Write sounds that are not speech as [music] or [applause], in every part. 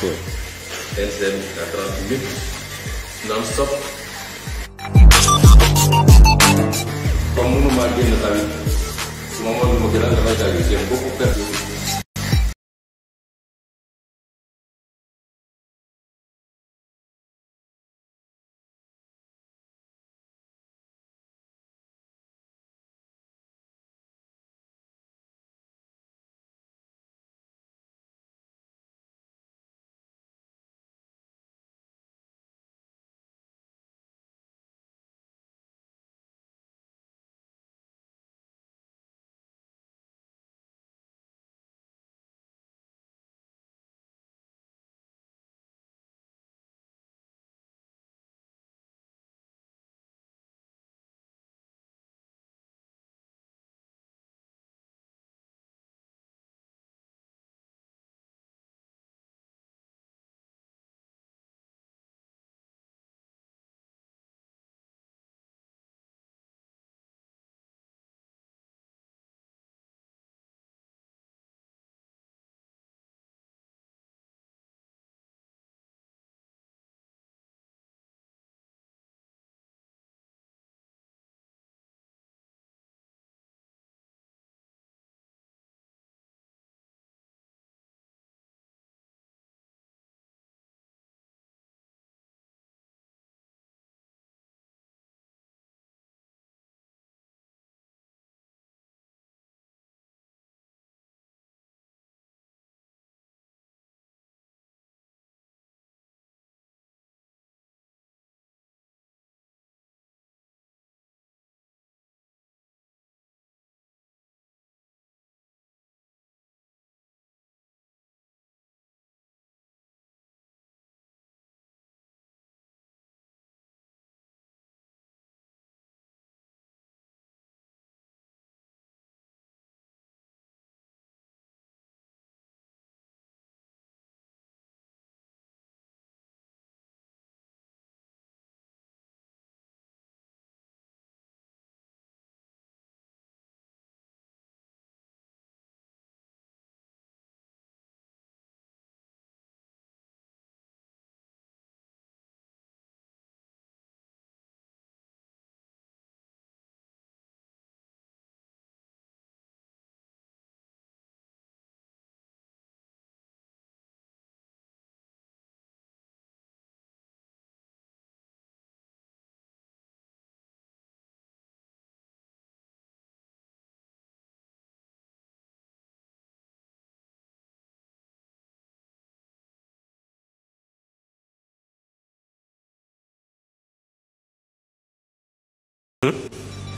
feu. NCM à 30 minutes non-stop. comme mënuma génn tamit su ma mën ma gën a damay tamit j'aime beaucoup perdre.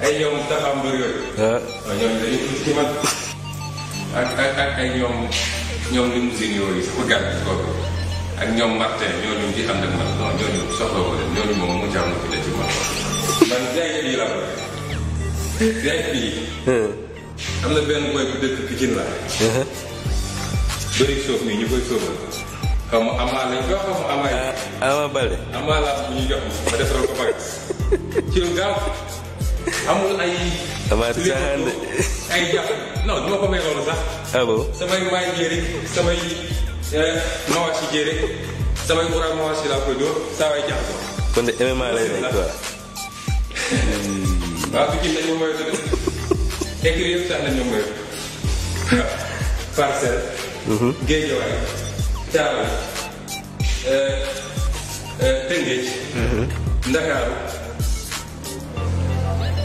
ay ñoom taxaw mbër yooyu. Ah. waaw ñoom dañuy ñoom ñoom limousine yooyu sama gàllankoor bi kooku ak ñoom Martin ñooñu di ànd ak man non ñooñu soxla leen ñooñu moom mu jàmm ci la ci man. man jaay fii la ko jaay fii. am na benn boy bu dëkk Pikine la. Uh-huh. ñu koy soofal. xaw ma amaa ci gaaw amul ay. damaa ay jàpp non du ma ko may loolu sax. ah bon samay waay jéere samay mawaasi eh, jéere samay uraay mawaasi laa koy dóor saa waay jàpp ko. kon de MMA lay nekk quoi. Hmm. waaw fii ci dañ ma moytu mhm. eh, eh, mhm. ndakaaru.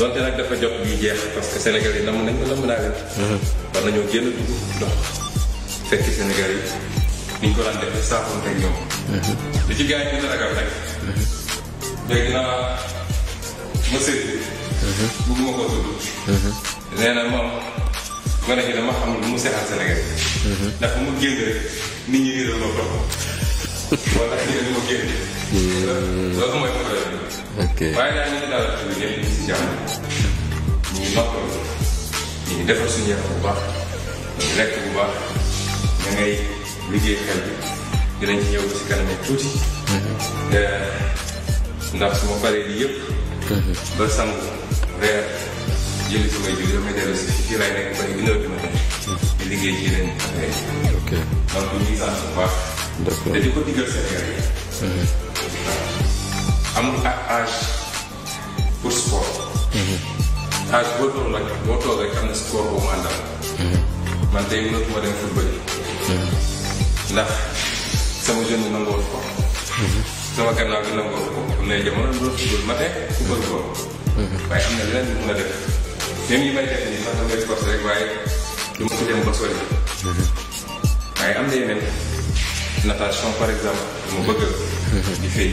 donte nag dafa jot ñu jeex parce que Sénégal yi nam nañ ko nam naa leen. Mhm. war nañoo génn dugg ndox fekki Sénégal yi niñ ko mhm. ci gars yi dina rek. dégg mhm. naa monsieur ko tudd. nee na moom gone gi dama xam lu mu seexal Sénégal yi. ndax mu génn dox. [laughs] wala ñu ne lu ma génn. Mm. loolu ok waaye daal ñu ngi daal di ñëpp ñu ngi si jàmm ñu ngi noppal ñu ngi defar suñu yaram bu baax ñu ngi lekk bu baax ñu liggéey xel bi dinañ ci ñëw ba si kanam tuuti. ndax su ma paree lii yëpp. ba sangu reer jëli su may julli damay dellu si fii laay nekk ba une heure du matin. di liggéey ci yeneen affaire yi. ok donc ñu ngi sant bu baax. d'accord te di ko digal Sénégal amul âge pour sport. Mhm. âge boo toll rek boo am na sport boo mu àndal. Mhm. man tey mënatuma dem football yi. Mhm. ndax sama jeune bi nangoon sama gannaaw bi nangoon ko am na jamono doon football ma tey am a def même yi may def nii man damay force rek waaye du ma dem ba sori. waaye am na yeneen natation par exemple du bëgg di fay.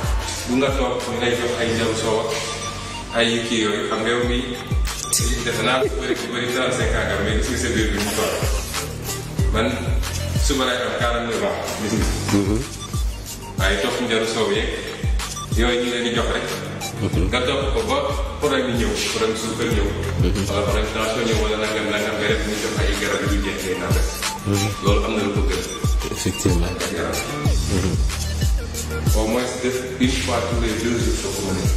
bu nga toog ñu ngay jox ay jam soo ay kii yooyu xam nga yow mi def naa bëri bëri mhm. ko ba problème yi problème suukar ñëw mhm. wala problème nangam nangam nga def jox ay garab yu jeex ngay naan rek mhm. loolu am na lu ko gën effectivement au moins def une fois tous soo ko mënee.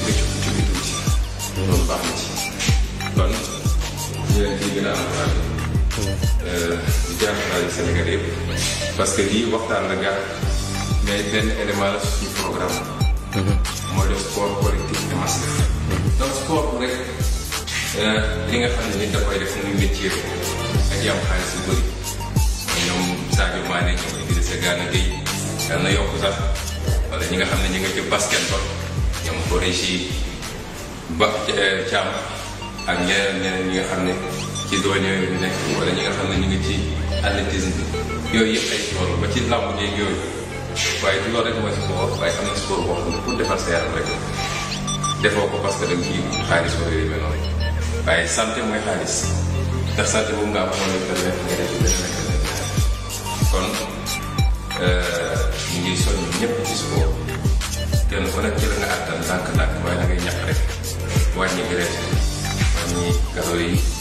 nga ci ci biir ci. loolu baax na ci. kon ñu leen ciy gën a encouragé. di jaajëfal Sénégal yëpp. parce que lii waxtaan la gàtt mais benn élément la suñu programme. Mhm. moo def sport collectif et massif. donc sport rek euh, li nga xam ne nit da koy def muy métier ak yam xaalis yu bëri. daan na yokk sax wala ñi nga xam ne ñu nga ci basket ba ñoom Khoureychi ba Thiam ak ñeneen ñeneen ñi nga xam ne ci doole ñu nekk wala ñi nga xam ne ñu ngi ci athlétisme bi yooyu yëpp ay sport ba ci làmb jeeg yooyu waaye du loolu rek mooy sport waaye am na sport boo xam ne pour defar sa yaram rek defoo ko parce que da nga ciy xaalis waaye santé mooy xaalis ndax santé boobu nga am moo lay permettre nga def Sorry.